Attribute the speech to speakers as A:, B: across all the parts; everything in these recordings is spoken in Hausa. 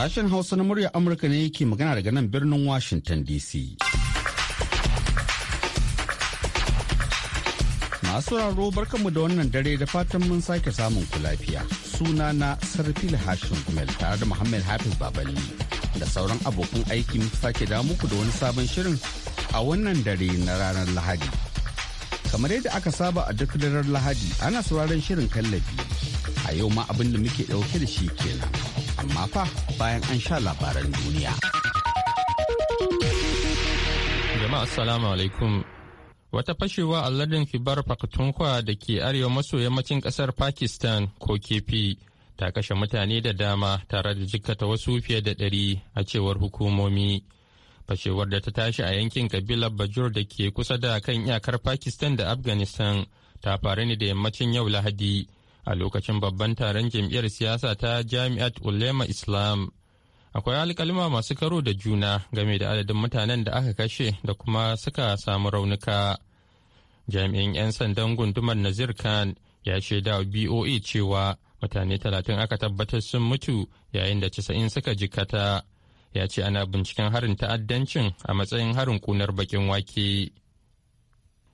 A: Sashen Hausa na murya Amurka ne yake magana daga nan birnin Washington DC. Masu raro barkanmu da wannan dare da fatan mun sake samun ku lafiya. Suna na Sarfil Hashim Kumel tare da Muhammad Hafiz babali da sauran abokan aiki sake da muku da wani sabon shirin a wannan dare na ranar Lahadi. Kamar yadda aka saba a duk ranar Lahadi ana sauraron shirin kallabi. A yau ma abin da muke ɗauke da shi kenan. amma fa bayan an sha labaran duniya.
B: Jama'a assalamu alaikum. Wata fashewa a lardin Fibar Pakhtunkhwa da ke arewa maso yammacin kasar Pakistan ko kefi ta kashe mutane da dama tare da jikkata wasu fiye da ɗari a cewar hukumomi. Fashewar da ta tashi a yankin kabilar Bajur da ke kusa da kan iyakar Pakistan da Afghanistan ta faru ne da yammacin yau Lahadi. a lokacin babban taron jam'iyyar siyasa ta jami'at ulema islam akwai alkalima masu karo da juna game da adadin mutanen da aka kashe da kuma suka samu raunuka jami'in 'yan sandan gundumar nazir khan ya shaida boa cewa mutane talatin aka tabbatar sun mutu yayin da casa'in suka jikata ya ce ana binciken harin ta'addancin a matsayin harin kunar bakin wake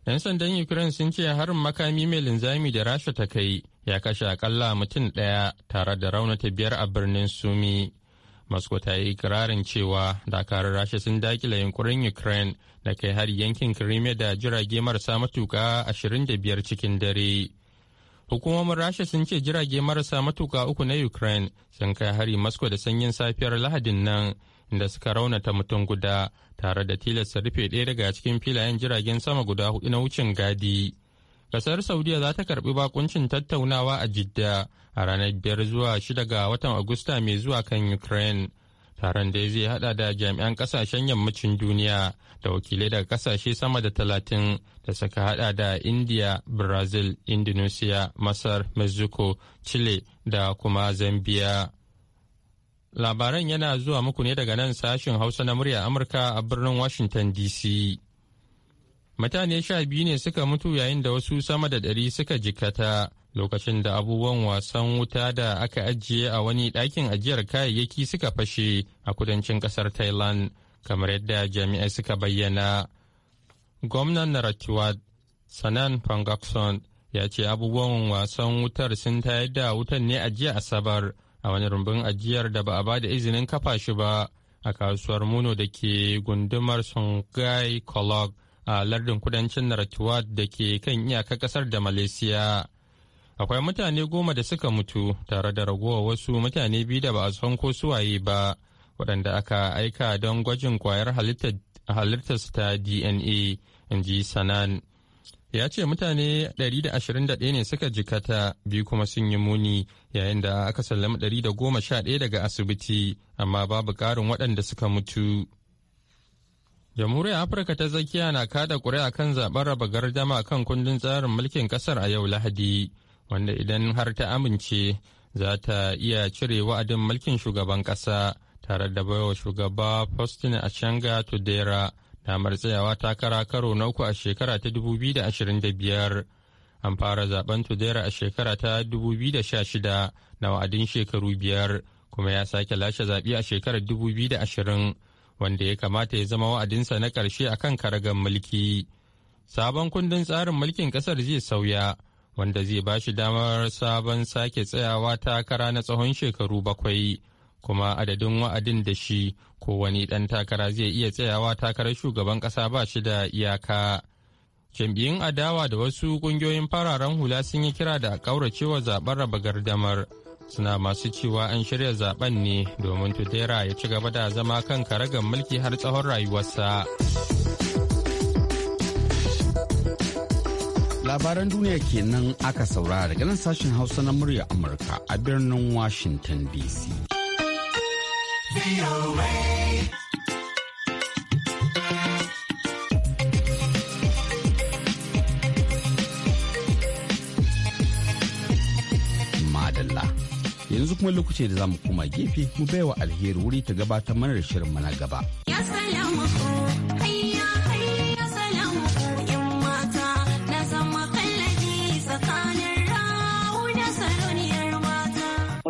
B: 'yan sandan ukraine sun ce harin makami mai linzami da rasha ta kai ya kashe akalla mutum ɗaya tare da raunata biyar a birnin sumi moscow ta yi ikirarin cewa dakarun rasha sun dakile yunkurin ukraine da kai har yankin crimea da jirage marasa matuka biyar cikin dare hukumomin rasha sun ce jirage marasa matuka uku na ukraine sun kai hari moscow da sanyin safiyar lahadin nan inda suka raunata mutum guda tare da tilasta rufe ɗaya daga cikin filayen jiragen sama guda hudu na wucin gadi. kasar saudiya za ta karbi bakuncin tattaunawa a jidda a ranar biyar zuwa shida ga watan agusta mai zuwa kan ukraine taron da zai hada da jami'an kasashen yammacin duniya da wakilai daga kasashe sama da talatin da suka hada da india brazil indonesia masar mexico chile da kuma zambia labaran yana zuwa muku ne daga nan sashen hausa na murya amurka a birnin washington dc mutane sha biyu ne suka mutu yayin da wasu sama da ɗari suka jikata lokacin da abubuwan wasan wuta da aka ajiye a wani ɗakin ajiyar kayayyaki suka fashe a kudancin ƙasar thailand kamar yadda jami'ai suka bayyana gwamnan naratiwat sanan pangakson ya ce abubuwan wasan wutar sun tayar da wutan ne a jiya asabar a wani rumbun ajiyar da ba a ba da izinin kafa shi ba a kasuwar muno da ke gundumar songhai kolog a lardin kudancin Nartuwat da ke kan iyaka kasar da Malaysia. Akwai mutane goma da suka mutu tare da ragowa wasu mutane biyu da ba a san ko suwaye ba waɗanda aka aika don gwajin kwayar halittar ta DNA, in ji Sanan. ya ce mutane 121 ne suka jikata biyu kuma sun yi muni yayin da aka sallama 111 daga asibiti amma babu ƙarin waɗanda suka mutu Jamhuriyar Afirka ta tsakiya na kada ƙuri'a kan zaɓen raba gardama kan kundin tsarin mulkin ƙasar a yau Lahadi, wanda idan har ta amince za ta iya cire wa'adin mulkin shugaban ƙasa tare da baiwa shugaba Faustin Achanga Tudera damar tsayawa takara karo na uku a shekara ta 2025. An fara zaben Tudera a shekara ta 2016 na wa'adin shekaru biyar kuma ya sake lashe zaɓe a shekarar 2020. wanda ya kamata ya zama wa'adinsa na ƙarshe a kan karagar mulki. Sabon kundin tsarin mulkin ƙasar zai sauya, wanda zai ba shi damar sabon sake tsayawa takara na tsawon shekaru bakwai, kuma adadin wa'adin da shi ko wani ɗan takara zai iya tsayawa takarar shugaban ƙasa ba shi da iyaka. Jam'iyyun adawa da wasu ƙungiyoyin fararen hula sun yi kira da ƙauracewa zaɓen raba gardamar. suna masu cewa an shirya zaben ne domin tudera ya ci gaba da zama kan karagar mulki har tsawon rayuwarsa
A: labaran duniya kenan aka saurara daga nan sashen hausa na murya amurka a birnin washington dc yanzu kuma lokaci da zamu koma gefe mu baiwa alheri wuri ta gabatar mana da shirin mana gaba.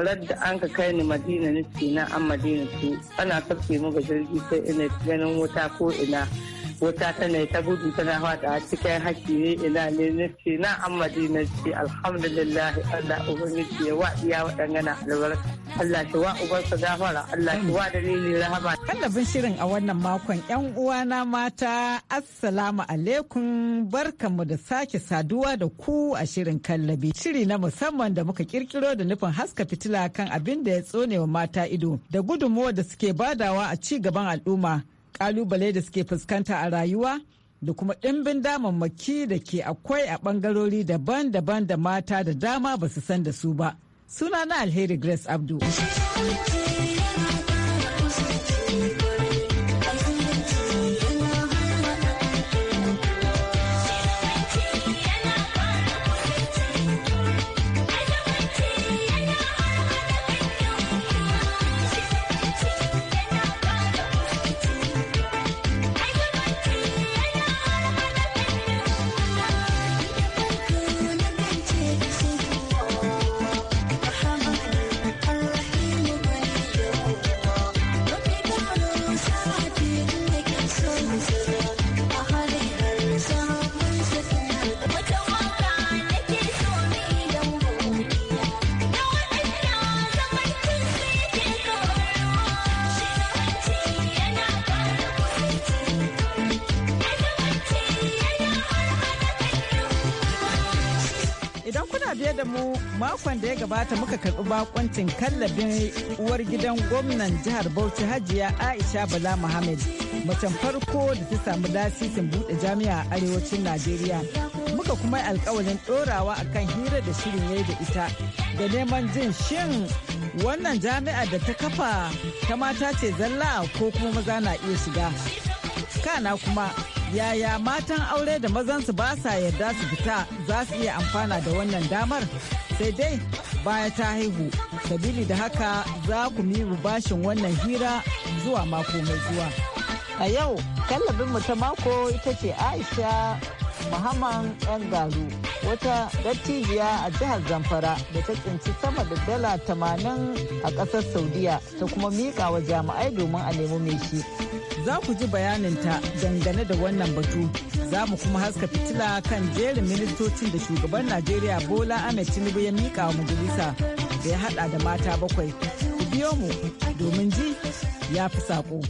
C: ran da an ka kai ni madina ni ce na an madina su ana kafke mu ga jirgi sai ina ganin wuta ko ina wata tana ta gudu tana a cikin haki ne ina ne na ce na amadi na ce alhamdulillah Allah ubangiji ya wa iya waɗangana albarka Allah shi wa ubansa gafara Allah shi wa dalili rahama kallabin shirin a wannan makon yan uwana mata assalamu alaikum barkanmu da sake saduwa da ku a shirin kallabi shiri na musamman da muka kirkiro da nufin haska fitila kan abin da ya tsonewa mata ido da gudunmuwa da suke badawa a ci gaban al'umma kalubale da suke fuskanta a rayuwa da kuma ɗimbin damammaki da ke akwai a ɓangarori daban-daban da mata da dama ba su san da su ba. suna na Alheri Grace Abdu. makon da ya gabata muka karɓi bakoncin kallabin uwar gidan gwamnan jihar Bauchi Hajiya Aisha Bala Muhammad macen farko da ta samu lasisin bude jami'a a arewacin Najeriya. Muka kuma yi alkawalin ɗorawa akan hira da shirin yayi da ita da neman jin shin wannan jami'a da ta kafa ta mata ce zalla ko kuma maza na iya shiga. Kana kuma yaya matan aure da mazansu ba sa yarda su fita za su iya amfana da wannan damar sai dai baya ta haihu sabili da haka za ku miru bashin wannan hira zuwa mako mai zuwa a yau mu ta mako ita ce aisha Muhammad yan wata dattijiya a jihar Zamfara da ta tsinci sama da dala tamanin a ƙasar Saudiya ta kuma miƙa wa jami'ai domin a nemi mai shi. Za ku ji bayaninta dangane da wannan batu. Za mu kuma haska fitila kan jerin ministocin da shugaban Najeriya Bola Ahmed Tinubu ya miƙa wa majalisa da ya haɗa da mata bakwai. Ku biyo mu domin ji ya fi saƙo.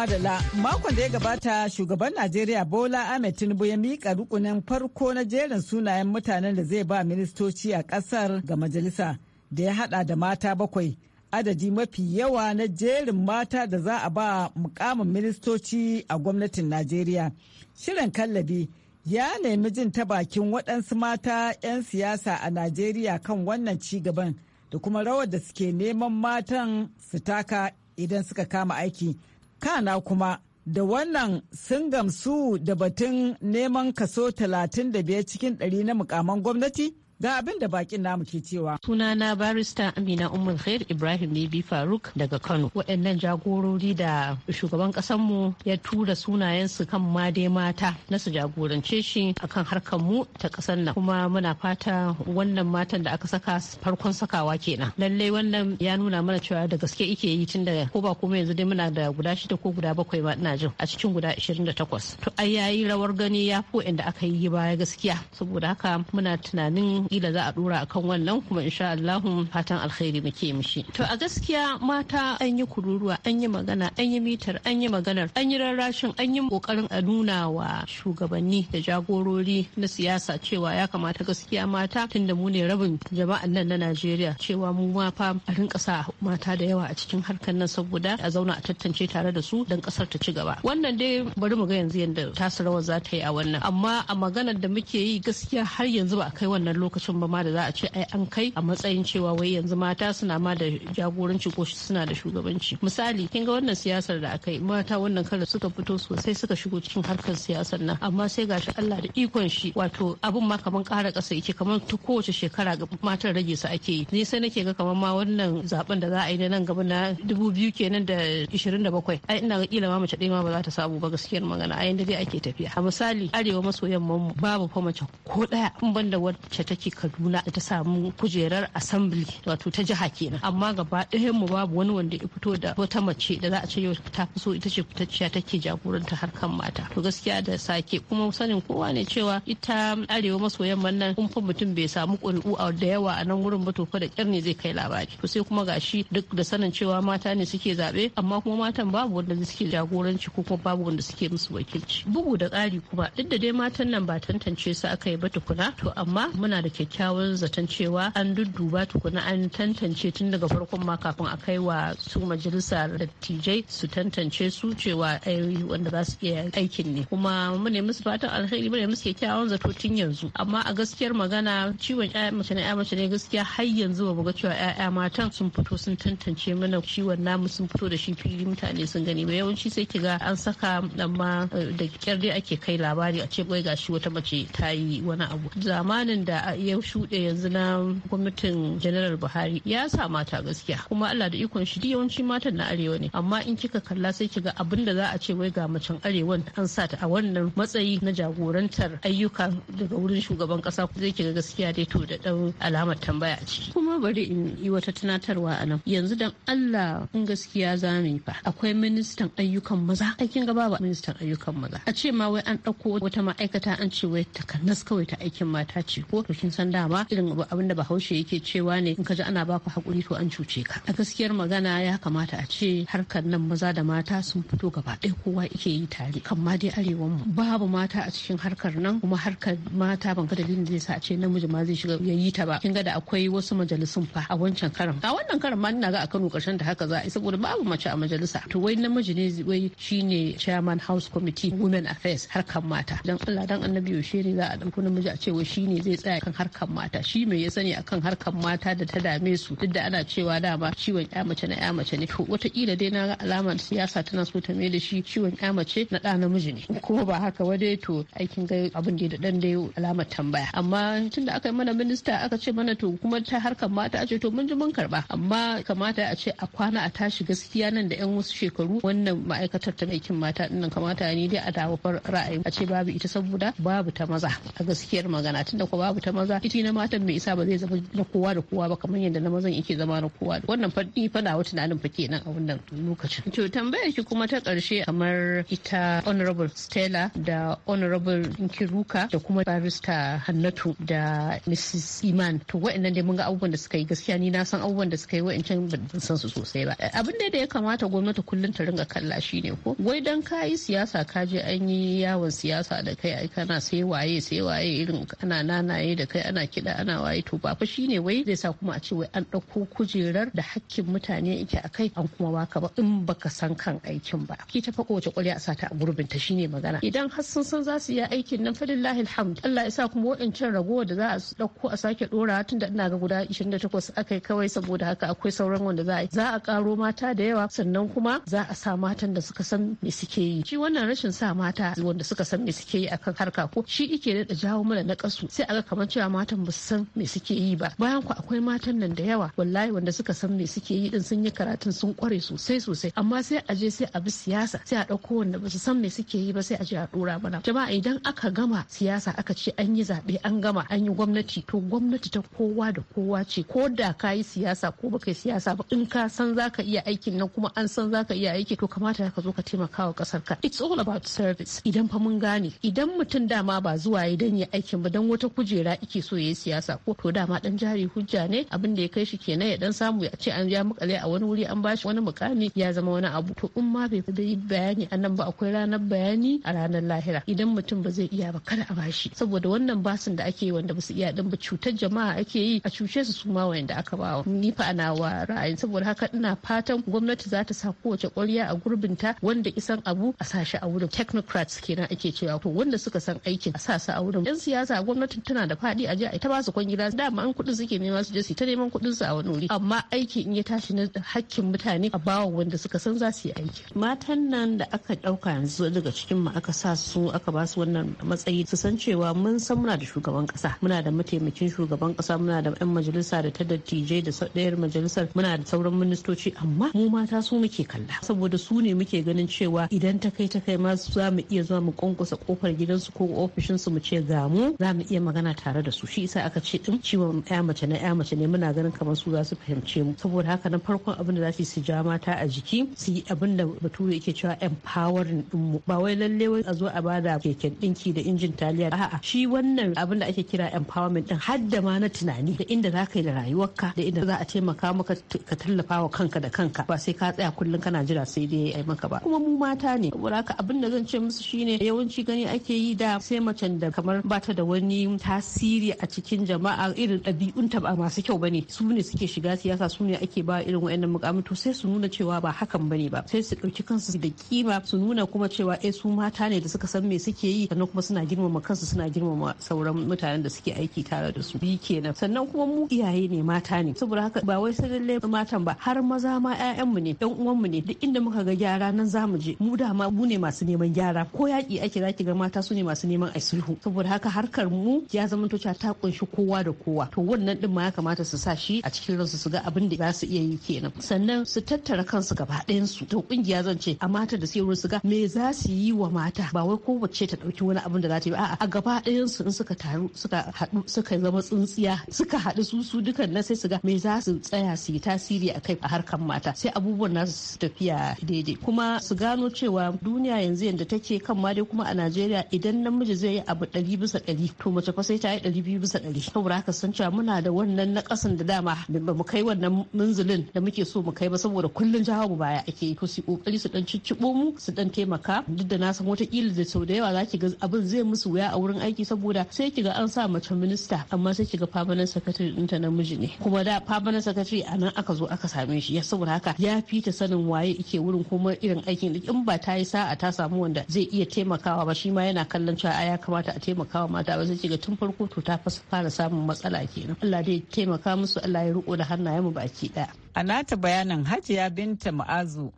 C: madala makon da ya gabata shugaban najeriya bola ahmed tinubu ya mika rukunin farko na jerin sunayen mutanen da zai ba ministoci a kasar ga majalisa da ya hada da mata bakwai adadi mafi yawa na jerin mata da za a ba mukamin ministoci a gwamnatin najeriya shirin kallabi ya nemi jin ta bakin waɗansu mata 'yan siyasa a najeriya kan wannan ci gaban da kuma rawar da suke neman matan su taka idan suka kama aiki kana kuma da wannan sun gamsu da batun neman kaso 35 cikin 100 na mukaman gwamnati Ga abin
D: da bakin namu ke cewa. Sunana barista Amina umar Khair Ibrahim Bibi Faruk daga Kano. Waɗannan jagorori da shugaban ƙasanmu ya tura sunayensu kan made mata na su jagorance shi akan harkar mu ta ƙasar nan. Kuma muna fata wannan matan da aka saka farkon sakawa kenan. Lallai wannan ya nuna mana cewa da gaske ike yi tun da ko ba kuma yanzu dai muna da guda shida ko guda bakwai ma ina jin a cikin guda da takwas. To ai yayi rawar gani ya fi waɗanda aka yi baya gaskiya. Saboda haka muna tunanin kila za a dora akan wannan kuma insha Allah fatan alkhairi muke mishi to a gaskiya mata an yi kururuwa an yi magana an yi mitar an yi maganar an yi rarrashin an yi kokarin a nuna wa shugabanni da jagorori na siyasa cewa ya kamata gaskiya mata tunda mu ne rabin jama'an nan na Najeriya cewa mu ma fa a rinka sa mata da yawa a cikin harkar nan saboda a zauna a tantance tare da su dan kasar ta ci gaba wannan dai bari mu ga yanzu yadda tasirawar za ta yi a wannan amma a maganar da muke yi gaskiya har yanzu ba a kai wannan lokacin lokacin ba ma da za a ce ai an kai a matsayin cewa wai yanzu mata suna ma da jagoranci ko suna da shugabanci misali kin ga wannan siyasar da aka yi mata wannan kara suka fito sosai suka shigo cikin harkar siyasar nan amma sai gashi Allah da ikon shi wato abun ma kaman ƙara ƙasa yake kaman ta kowace shekara ga matan rage su ake yi ni sai nake ga kaman ma wannan zaben da za a yi na nan gaba na dubu biyu kenan da ishirin da bakwai ai ina ga kila ma mace ɗaya ma ba za ta samu ba gaskiyar magana a yanda dai ake tafiya a misali arewa maso yamma babu fa mace ko ɗaya in banda wacce take kaduna ta samu kujerar assembly wato ta jiha kenan amma gaba ɗayan mu babu wani wanda ya fito da wata mace da za a ce yau ta fi ita ce fitacciya take jagoranta harkan mata to gaskiya da sake kuma sanin kowa ne cewa ita arewa maso yamman nan kun fa mutum bai samu ƙuri'u a da yawa a nan wurin ba to da ƙyar ne zai kai labari to sai kuma gashi duk da sanin cewa mata ne suke zaɓe amma kuma matan babu wanda suke jagoranci ko kuma babu wanda suke musu wakilci bugu da ƙari kuma duk da dai matan nan ba tantance su aka yi ba tukuna to amma muna da kyakkyawan zaton cewa an dudduba tukuna an tantance tun daga farkon ma kafin a kai wa su majalisa dattijai su tantance su cewa wanda za su iya aikin ne kuma mu ne musu fatan alheri mu ne musu kyakkyawan zato tun yanzu amma a gaskiyar magana ciwon ƴaƴa mace na ƴaƴa mace ne gaskiya har yanzu ba mu ga cewa ƴaƴa matan sun fito sun tantance mana ciwon namu sun fito da shi fili mutane sun gani ba yawanci sai kiga an saka amma eh, da kyar dai ake kai labari a ce bai gashi wata mace ta yi wani abu zamanin da ya shuɗe yanzu na gwamnatin janaral buhari ya sa mata gaskiya kuma allah da ikon shi yawanci matan na arewa ne amma in kika kalla sai kiga abin da za a ce wai ga macen arewa an sa ta a wannan matsayi na jagorantar ayyuka daga wurin shugaban kasa zai kiga gaskiya dai to da ɗan alamar tambaya a ciki kuma bari in yi wata tunatarwa a nan yanzu dan allah in gaskiya za mu yi fa akwai ministan ayyukan maza aikin gaba ba ministan ayyukan maza a ce ma wai an ɗauko wata ma'aikata an ce wai takanas kawai ta aikin mata ce ko kin san dama irin abin da bahaushe yake cewa ne in ka ji ana baku hakuri to an cuce ka a gaskiyar magana ya kamata a ce harkar nan maza da mata sun fito gaba ɗaya kowa yake yi tare kan ma dai arewan mu babu mata a cikin harkar nan kuma harkar mata ban ga dalilin da zai sa a ce namiji ma zai shiga ya yi ta ba kin ga da akwai wasu majalisun fa a wancan karan a wannan karan ma ina ga a Kano karshen da haka za a yi saboda babu mace a majalisa to wai namiji ne wai shine chairman house committee women affairs harkar mata dan Allah dan annabi yaushe ne za a dauko namiji a ce wai shine zai tsaya kan harkar mata shi mai ya sani akan harkar mata da ta dame su duk da ana cewa dama ciwon ya mace na ya mace ne to watakila dai na ga alamar siyasa tana so ta mai da shi ciwon ya mace na ɗa namiji ne ko ba haka ba dai to aikin ga abin da dan dai alamar tambaya amma tunda aka yi mana minista aka ce mana to kuma ta harkar mata a ce to mun ji mun karba amma kamata a ce a kwana a tashi gaskiya nan da yan wasu shekaru wannan ma'aikatar ta aikin mata dinnan kamata ni dai a dawo ra'ayi a ce babu ita saboda babu ta maza a gaskiyar magana da ko babu ta maza maza ita na matan mai isa ba zai zama na kowa da kowa ba kamar yadda na mazan yake zama na kowa wannan fadi fada wa tunanin fa kenan a wannan lokacin to tambayar ki kuma ta karshe kamar ita honorable Stella da honorable kiruka. da kuma barista Hannatu da Mrs Iman to wa'annan dai mun ga abubuwan da suka yi gaskiya ni na san abubuwan da suka yi wa'ancan ban san su sosai ba abin da ya kamata gwamnati kullum ta ringa kalla shi ne ko wai dan kayi siyasa ka je an yi yawon siyasa da kai ai kana sai waye sai waye irin ana nanaye da kai ana kiɗa ana waye to ba fa shine wai zai sa kuma a ce wai an ɗauko kujerar da hakkin mutane yake a kai an kuma waka ba in baka san kan aikin ba ki ta faɗo wace ƙwarya a sata a gurbin ta shine magana idan har sun san za su yi aikin nan falillahi alhamd Allah ya sa kuma waɗancan ragowa da za a ɗauko a sake ɗora da ina ga guda 28 aka yi kawai saboda haka akwai sauran wanda za a yi za a ƙaro mata da yawa sannan kuma za a sa matan da suka san me suke yi shi wannan rashin sa mata wanda suka san me suke yi akan harka ko shi ike da jawo mana na ƙasu sai ga kamar cewa matan ba san me suke yi ba bayan ku akwai matan nan da yawa wallahi wanda suka san me suke yi din sun yi karatun sun kware sosai sosai amma sai a je sai a bi siyasa sai a dauko wanda ba su san me suke yi ba sai a je a dora mana jama'a idan aka gama siyasa aka ce an yi zaɓe an gama an yi gwamnati to gwamnati ta kowa da kowa ce ko da ka yi siyasa ko ba yi siyasa ba in ka san zaka iya aikin nan kuma an san zaka iya aiki to kamata ka zo ka taimaka wa kasar ka it's all about service idan fa mun gane idan mutum dama ba zuwa ya dan ya aikin ba dan wata kujera ike yake so yayi siyasa ko to dama dan jari hujja ne abin da ya kai shi kenan ya dan samu ya ce an ya makale a wani wuri an bashi wani mukami ya zama wani abu to in ma bai da bayani annan ba akwai ranar bayani a ranar lahira idan mutum ba zai iya ba kada a bashi saboda wannan basin da ake yi wanda ba su iya dan ba cutar jama'a ake yi a cuce su suma wanda aka bawa ni fa ana wa ra'ayi saboda haka ina fatan gwamnati za ta sa kowace ƙwarya a gurbinta wanda isan abu a sashi a wurin technocrats kenan ake cewa to wanda suka san aikin a sa su a wurin yan siyasa gwamnatin tana da faɗi a je a ta basu kwangila dama an kuɗin suke nema su je su ta neman kudin su a wani wuri amma aiki in ya tashi na hakkin mutane a bawa wanda suka san za su yi aiki. Matan nan da aka ɗauka yanzu daga cikin mu aka sa su aka ba su wannan matsayi su san cewa mun san muna da shugaban kasa muna da mataimakin shugaban kasa muna da 'yan majalisa da ta dattijai da ɗayar majalisar muna da sauran ministoci amma mu mata su muke kalla saboda su ne muke ganin cewa idan ta kai ta kai ma za mu iya zuwa mu kwankwasa kofar gidansu ko ofishinsu mu ce ga mu za mu iya magana tare da da su shi isa aka ce in ciwon ya mace na ya mace ne muna ganin kamar su za su fahimce mu saboda haka nan farkon abin da za su su ja mata a jiki su yi abin da bature yake cewa empowering din mu ba wai lalle wai a zo a bada keken dinki da injin taliya a'a shi wannan abin da ake kira empowerment din har da ma na tunani da inda za ka yi da rayuwarka da inda za a taimaka maka ka tallafa wa kanka da kanka ba sai ka tsaya kullum kana jira sai dai ai maka ba kuma mu mata ne saboda haka abin da zan ce musu shine yawanci gani ake yi da sai macen da kamar bata da wani tasiri tasiri a cikin jama'a irin ta ba masu kyau bane su ne suke shiga siyasa su ne ake ba irin wa'annan mukamin to sai su nuna cewa ba hakan bane ba sai su ɗauki kansu da kima su nuna kuma cewa eh su mata ne da suka san me suke yi sannan kuma suna girmama kansu suna girmama sauran mutanen da suke aiki tare da su bi kenan sannan kuma mu iyaye ne mata ne saboda haka ba wai sai lalle matan ba har maza ma mu ne ɗan uwanmu ne duk inda muka ga gyara nan za mu je mu dama mu ne masu neman gyara ko yaƙi ake zaki ga mata su ne masu neman a sulhu saboda haka harkar mu ya zama to siyasa ta kunshi kowa da kowa to wannan din ma ya kamata su sa shi a cikin ransu su ga abin da za su iya yi kenan sannan su tattara kansu gaba ɗayan su to kungiya zan ce a mata da sai su ga me za su yi wa mata ba wai ko kowace ta ɗauki wani abin da za ta yi a'a a gaba ɗayan su in suka taru suka haɗu suka zama tsintsiya suka haɗu su su dukan na sai su ga me za su tsaya su yi tasiri a kai a harkan mata sai abubuwan nasu su tafiya daidai kuma su gano cewa duniya yanzu yadda take kan ma dai kuma a Najeriya idan namiji zai yi abu ɗari bisa ɗari to mace fa sai ta yi ɗari ɗari saboda haka sun cewa muna da wannan kasan da dama ba mu kai wannan munzulin da muke so mu kai ba saboda kullun jawo mu baya ake ko su kokari su dan ciccibo mu su dan taimaka duk da na san wata kila da sau da yawa zaki ga abin zai musu wuya a wurin aiki saboda sai ki ga an sa mace minista amma sai ki ga permanent secretary ɗinta namiji ne kuma da permanent secretary a nan aka zo aka same shi ya saboda haka ya fi ta sanin waye ike wurin kuma irin aikin in ba ta yi sa'a ta samu wanda zai iya taimakawa ba shi ma yana kallon cewa ya kamata a taimakawa mata ba sai ki ga tun farko to ta fara samun matsala kenan Allah dai taimaka musu Allah ya riko da hannayen mu baki ɗaya.
C: a nata bayanin hajiya binta ma'azu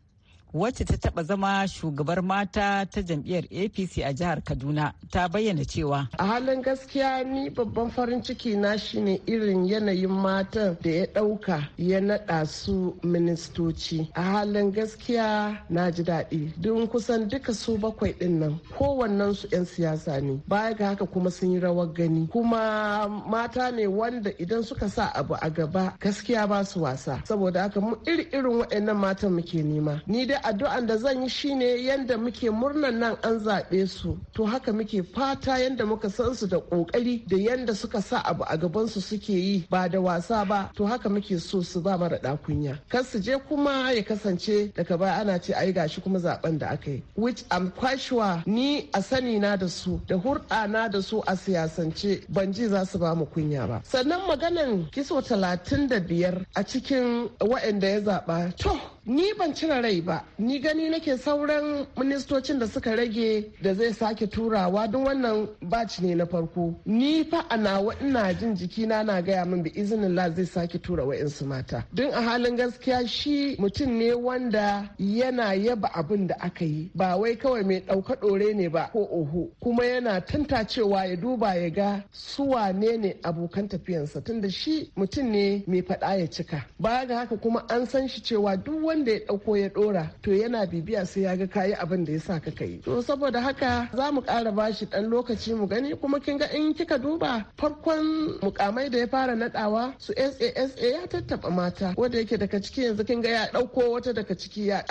C: wacce ta taba zama shugabar mata ta jam'iyyar apc a jihar kaduna ta bayyana cewa
E: a halin gaskiya ni babban farin ciki na shine irin yanayin matan da ya dauka ya naɗa su ministoci a halin gaskiya na ji daɗi don kusan duka su bakwai din nan kowannen su 'yan siyasa ne baya ga haka kuma sun yi rawar gani kuma mata ne wanda idan suka sa abu a gaba gaskiya ba su wasa saboda haka mu iri irin waɗannan matan muke nema ni dai addu'an da zan yi shine yadda muke murnan nan an zaɓe su to haka muke fata yadda muka san su da ƙoƙari da yadda suka sa abu a gaban su suke yi ba da wasa ba to haka muke so su ba mara kunya kar su je kuma ya kasance daga baya ana ce ai gashi kuma zaɓen da aka yi which am kwashewa ni a sani na da su da hurɗa na da su a siyasance ban ji za su ba mu kunya ba sannan maganan kiso talatin da biyar a cikin waɗanda ya zaɓa to ni ban cire rai ba ni gani nake sauran ministocin da suka rage da zai sake turawa don wannan bac ne na farko ni fa a nawa ina jin jikina na gaya min bi izinin la zai sake tura wa'insu mata don a halin gaskiya shi mutum ne wanda yana yaba abin da aka yi ba wai kawai mai ɗauka ɗore ne ba ko oho kuma yana tantacewa ya duba ya ga su wanene ne abokan tafiyansa tunda shi mutum ne mai faɗa ya cika baya ga haka kuma an san shi cewa duk wanda ya ɗauko ya ɗora to yana bibiya sai ya ga kayi abin da ya sa ka kai to saboda haka za mu ƙara bashi ɗan lokaci mu gani kuma kin ga in kika duba farkon mukamai da ya fara naɗawa su SASA ya tattaɓa mata wanda yake daga ciki yanzu kin ga ya ɗauko wata daga ciki ya